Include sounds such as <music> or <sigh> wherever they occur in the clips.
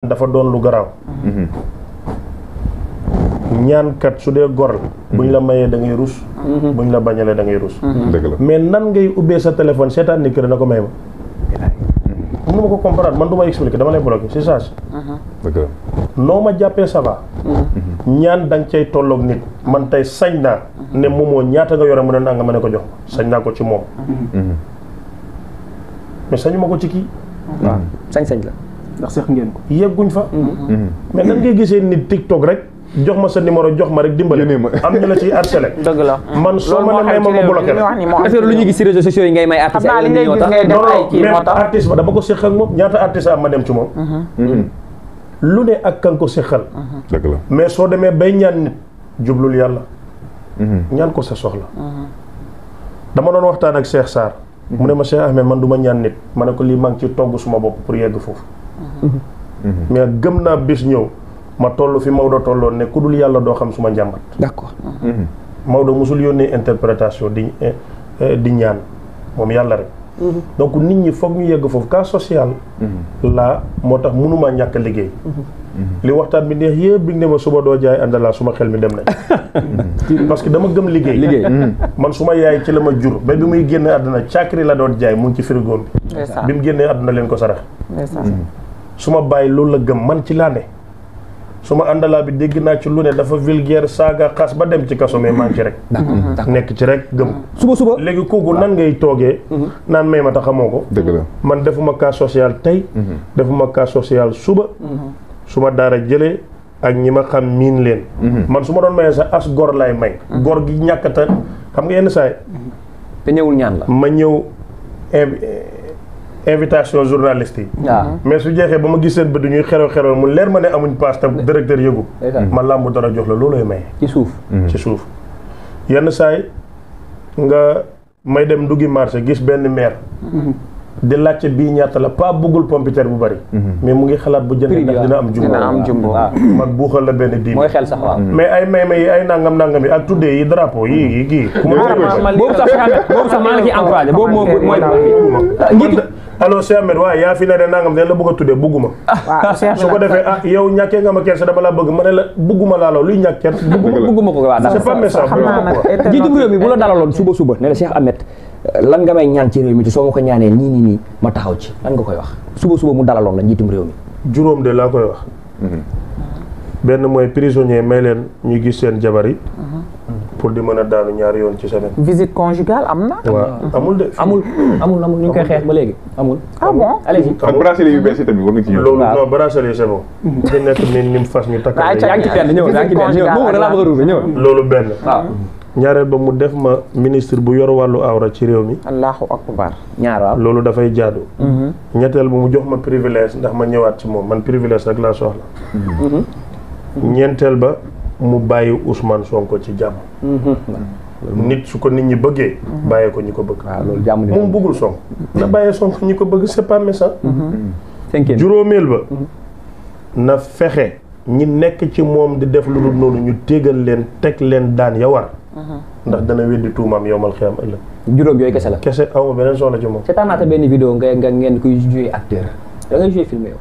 dafa doon lu garaaw mhm. ñaankat su dee gor la buñ la mayee da ngay rus mhm. buñ la bañalee da ngay rus mhm. mais nan ngay ubbee sa téléphone seetaan ni kër na ko may ma mënu ma ko comprendre man du ma expliquer dama lay bloqué c'est ça noo ma jàppee ça va ñaan da nga cay tolloog nit man tey sañ naa ne ñaata nga yore mu ne naa nga ma ne ko jox sañ naa ko ci moom mais sañu ma ko ci kii waaw sañ la ndax seex ngeen ko yegguñ fa mm-hmm. Mm-hmm. mais nan ngay gisee nit TikTok rek jox ma sa numéro jox ma rek dimbale am na la ci <laughs> harcelé la man soo ma ne may ma ma bloqué la lu ñu gis ci réseaux sociaux yi ngay may artiste non mais artiste ba dama mm-hmm. lu ne ak kan ko seqal dëgg mais soo demee bay ñaan nit jublul yàlla ñaan ko sa soxla dama doon waxtaan ak Cheikh Sarr mu ne ma Cheikh Ahmed man du ma ñaan ma ne ko lii maa ngi ci togg suma bopp pour yegg foofu Mhm. mais gëm naa bis ñëw ma toll fi Maodo tolloon ne ku dul yàlla doo xam suma njàmbat. d'accord. Mhm. Maodo mosul yónnee interprétation di eh, di ñaan moom yàlla rek. Mhm. donc nit ñi foog ñu yegg foofu cas social. laa moo tax mënumaa ñàkk liggéey. li waxtaan bi neex yëpp bi ne ma suba doo jaay àndalaa suma xel mi dem nañ. parce que dama gëm liggéey. liggéey man suma yaay ci la ma jur ba bi muy génne àdduna càkkiri la doon jaay mun ngi ci frigo bi. bi mu génnee àdduna leen ko sarax. suma bàyyi loolu la gëm man ci laa ne ma àndalaa bi dégg naa ci lu ne dafa vulgaire saaga xas ba dem ci kaso mais maa ci rek. Mhm. nekk ci rek gëm. suba suba léegi kooku nan ngay toogee. Mhm. naan may ma ta xamoo ko. dëgg la man defuma cas social tey. Mhm. defuma cas social suba. su ma daara jëlee. ak ñi ma xam miin leen. man su ma doon mayee sax as gor laay may. gor gi ñàkkata xam nga yenn saay ñaan ma ñëw. invitation journaliste yi. Ah. Mm-hmm. mais su jeexee ba ma gis seen bët ñuy xerew xerew mu leer ma ne amuñ paas tam mm-hmm. directeur yëgu. ma làmb dara jox la loolooy may ci suuf. Mm-hmm. ci suuf yenn saay nga may dem nduggi marché gis benn maire. di laajte bii ñaata la pas bëggul pompiteer bu bari. Mhm. mais mu ngi xalaat bu jënd ndax dina am. jumbo dina am ah, buuxal la benn diim. mooy xel sax waaw. mais ay may may ay nangam nangam yi ak tuddee yi drapeau yi yi kii. Ah, boobu sax boobu sax maa ngi ciy encouragé boobu mooy mooy. alors Cheikh Ahmed waaye yaa fi ne de bëgg bugguma. ko defee ah yow ma kersa dama la bëgg ma ne la bugguma laa la ko waaw c'est pas méchant. xam bu la dalaloon suba suba ne la Cheikh lan nga may ñaan ci réew mi te soo ma ko ñaanee nii nii nii ma taxaw ci lan nga koy wax suba suba mu dalaloon la njiitum réew mi. juróom de laa koy wax. Mhm. benn mooy prisonnier may leen ñu gis seen jabar yi. Mhm. pour di mën a daanu ñaari yoon ci semaine. visite conjugale am na. waaw amul de. amul amul amul ñu koy xeex ba léegi amul. y ak bracelet yu bees yi tamit war loolu ñu takk. yaa ngi ci benn ñëw a mhm. ñaareel ba mu def ma ministre bu yor wàllu awra ci réew mi. allahu akbar ñaar waaw loolu dafay jaadu. Mm-hmm. ñetteel ba mu jox ma privilège ndax ma ñëwaat ci moom man privilège rek laa soxla. Mm-hmm. Mm-hmm. ñeenteel ba mu bàyyi Ousmane Sonko ci jàmm. nit su ko nit ñi bëggee. bàyyee ko ñi ko bëgg. waaw loolu jàmm moom bëggul Sonko. na bàyyee Sonko ñi ko bëgg c'est pas méchant. juróomeel ba na fexe. ñi nekk ci moom di def lu dul noonu ñu tégal leen teg leen daan ya war. Mm-hmm. ndax dana weddi tuumaam yowmal xiyaam ëllëg. juróom yooyu kese la. kese aw ma beneen soxla ci moom. seetaan naa benn vidéo nga ngeen koy joué acteur da ngay joué film yow.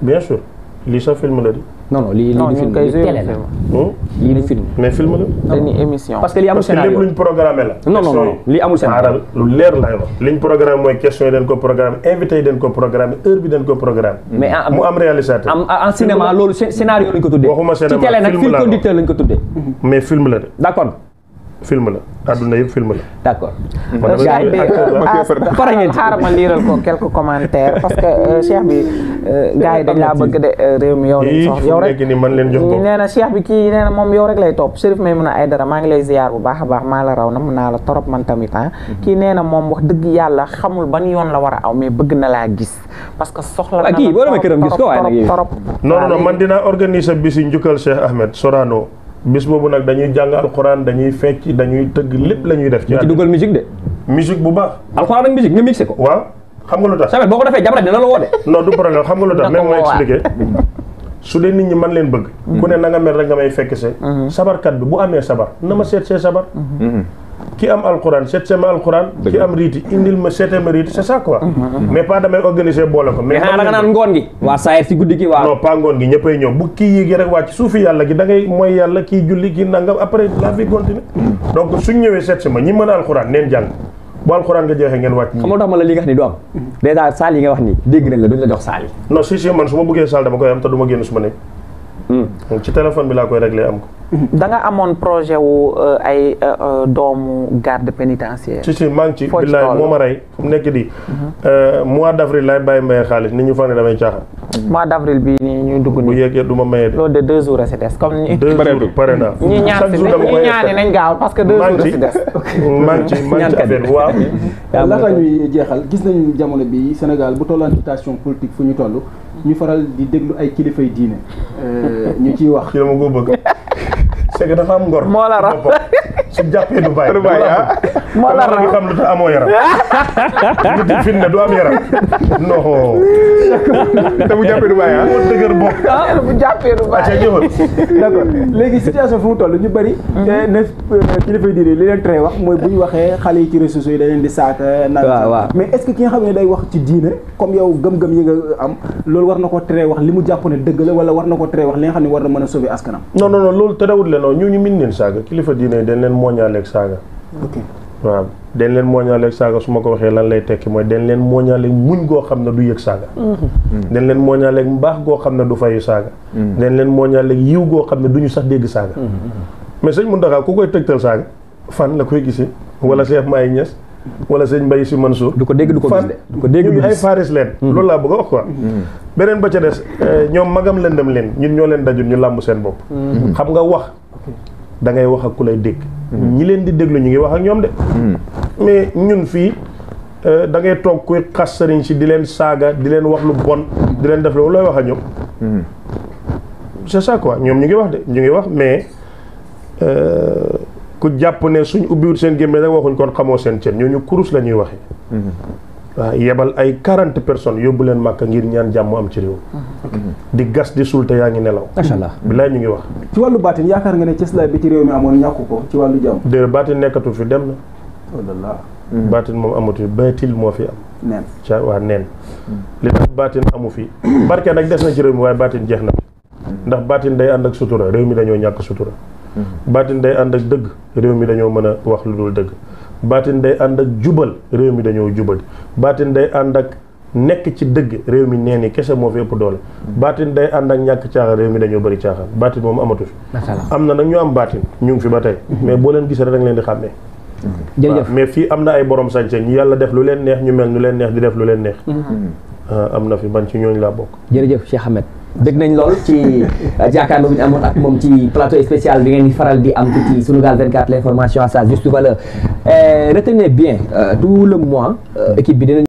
bien sûr. lii sa film la di. non non lii lii film télé la. Hmm? lii di film. mais film la. dañuy émission. parce que lii amul scénario parce que lépp la. non non lii amul scénario lu leer lay liñ programmé mooy question yi dañ ko programmé invité yi dañ ko programmé heure bi dañ ko programmé. mais mu am réalisateur. am en cinéma loolu scénario lañ ko tuddee. waxuma cinéma film la de. d'accord. film la àdduna yëpp film la. d' accord. Cheikh bi pare ngeen euh, xaaral ma liiral ko quelques commentaires parce que euh, <laughs> Cheikh bi euh, gars yi dañ laa bëgg de réew mi yow lay topp ngi lay ziar bu baax a baax maa la raw na mun naa la torop man tamit ah. Mhm. kii nee na moom wax dëgg yàlla xamul ban yoon la war a aw mais bëgg na laa gis parce que soxla na. Ah, kii boo demee këram man dinaa organiser bi si njukkal Cheikh Ahmed Sorano. bis boobu nag dañuy jàng alxuraan dañuy fecc dañuy tëgg lépp la ñuy def. ci dugal musique de. musique bu baax. alxuraan ak musique nga mixé ko. waaw xam nga lu tax. Sabel boo ko defee jabar dina la woote. non du problème xam nga lu tax même moo su dee nit ñi man leen bëgg. ku ne mm-hmm. na mel rek nga may fekk see. Mm-hmm. sabarkat bi bu amee sabar na ma seet see sabar. Mm-hmm. ki am alxuraan seet sama alxuraan ki am riiti indil ma seetee ma riiti c'est ça quoi mm-hmm, mm-hmm. mais pas damay organiser boole ko mais da nga naan ngoon gi waa saa si guddi gi waaw non pas ngoon gi ñëppay ñëw bu kii yi gi rek wàcc suufi yàlla gi da ngay mooy yàlla kii julli kii nangam après la vie continue mm. donc suñ ñëwee seet si ma ñi mën a alxuraan neen jàng bu alxuraan nga jeexee ngeen wàcc mm. man su ma bëggee saal dama koy am te du génn su nekk ci téléphone bi laa koy réglé am ko. da amoon projet wu euh, ay euh, euh, doomu garde pénitentiaire. ci si maa ngi ci billaay moo ma rey fu mu nekk di mhm. mois d' avril laay bàyyi maye xaalis nit ñu foog ne damay caaxaan. mois d' avril bii nii ñu dugg nii. bu yeggee du ma maye de. loolu de deux jours a si des comme ni. deux jours pare naa ñi ñaani nañ gaaw parce que deux jours a si des. maa ngi ci maa ngi ci affaire waaw. laata ñuy jeexal gis nañu jamono bi Sénégal bu tollantitation politique fu ñu toll. ñu faral di déglu ay kilifay diine euh, ñu ciy wax. ci la ma ko bëgg <laughs> c'est dafa am ngor. moo la rab su jàppee du bàyyi <laughs> du bàyyi moo la raw xam lu tax amoo yaram. <laughs> nit yi fi ne du am yaram. non. te bu jàppee du ñu bëri. Mhm. ne euh, kilifa yi bu ñu waxee xale yi ci réseaux sociaux yi da leen di saaka. waaw waaw mais xam ne day wax ci diine comme yow gëm-gëm yi nga am loolu war na ko teree wax li mu jàpp ne dëgg la wala war na ko teree wax li nga xam ne war a sauver askanam. non non non loolu terewut la non ñu ñu min leen saaga kilifa diine yi dañ leen mooñaaleeg saaga. waaw den leen mooñaale ak saaga su ma ko waxee lan lay tekki mooy den leen mooñaale muñ goo xam ne du yëg saaga mm-hmm. den leen mooñaale ak mbaax goo xam ne du fayu saaga mm-hmm. den leen mooñaale ak yiw goo xam ne du ñu sax dégg saaga mm-hmm. mais sëñ Mountakha ku koy tegtal saaga fan la koy gisee wala Cheikh Maye Niass wala sëñ Mbaye man Mansour du ko dégg du ko gis de du ko dégg du ay faaris leen loolu laa bëgg a wax quoi beneen ba ca des eh, ñoom magam lëndëm leen ñun ñoo leen dajul ñu làmb seen bopp xam nga wax da ngay wax ku lay dégg Mm-hmm. ñi leen di déglu ñu ngi wax ak ñoom de. Mm-hmm. mais ñun fii euh, da ngay toog kuy xas sëriñ si di leen saaga di leen wax lu bon di leen def loolu looy wax ak ñoom. Mm-hmm. c'est ça quoi ñoom ñu ngi wax de ñu ngi wax mais euh, ku jàpp ne suñ ubbiwul seen gémmiñ rek waxuñ kon xamoo seen cër ñu kurus la ñuy waxee. yebal ay quarante personnes yóbbu leen màkk ngir ñaan jàmm am ci réew mm-hmm. di gas di suul te yaa ngi nelaw macha allah bilaay ñu ngi wax ci wàllu baatin yaakaar nga ne cëslaay bi ci réew mi amoon ñàkku ko ci wàllu jàmm baatin nekkatu fi dem na oh mm-hmm. baatin moom amatu fi baytil moo fi am neen waa neen mm-hmm. li tax baatin amu fi <clears throat> barke nag des na ci réew mi waaye baatin jeex na ndax baatin day ànd ak sutura réew mi dañoo ñàkk sutura baatin day ànd ak dëgg réew mi dañoo mën a wax lu dul dëgg baatin day ànd ak jubal réew mi dañoo jubal baatin day ànd ak nekk ci dëgg réew mi nee ni kese moo fi ëpp doole. baatin day ànd ak ñàkk caaxaan réew mi dañoo bëri caaxal baatin moom amatu fi. am na nag ñu am baatin ñu ngi fi ba tey. Mhm. mais boo leen gisee rek da nga leen di xàmmee. jërëjëf mais fii am na ay borom sañse ñu yàlla def lu leen neex ñu mel nu leen neex di def lu leen neex. Mhm. Ah, am na fi man ci ñooñu laa bokk. jërëjëf Cheikh Ahmed. bëgg nañ lool ci euh, jàkkaarloo bi ñu amoon ak moom ci plateau spécial bi ngeen di faral di am ci Sunugal 24 l'information à sa juste valeur euh, retenez bien euh, tout le mois équipe bi dinañ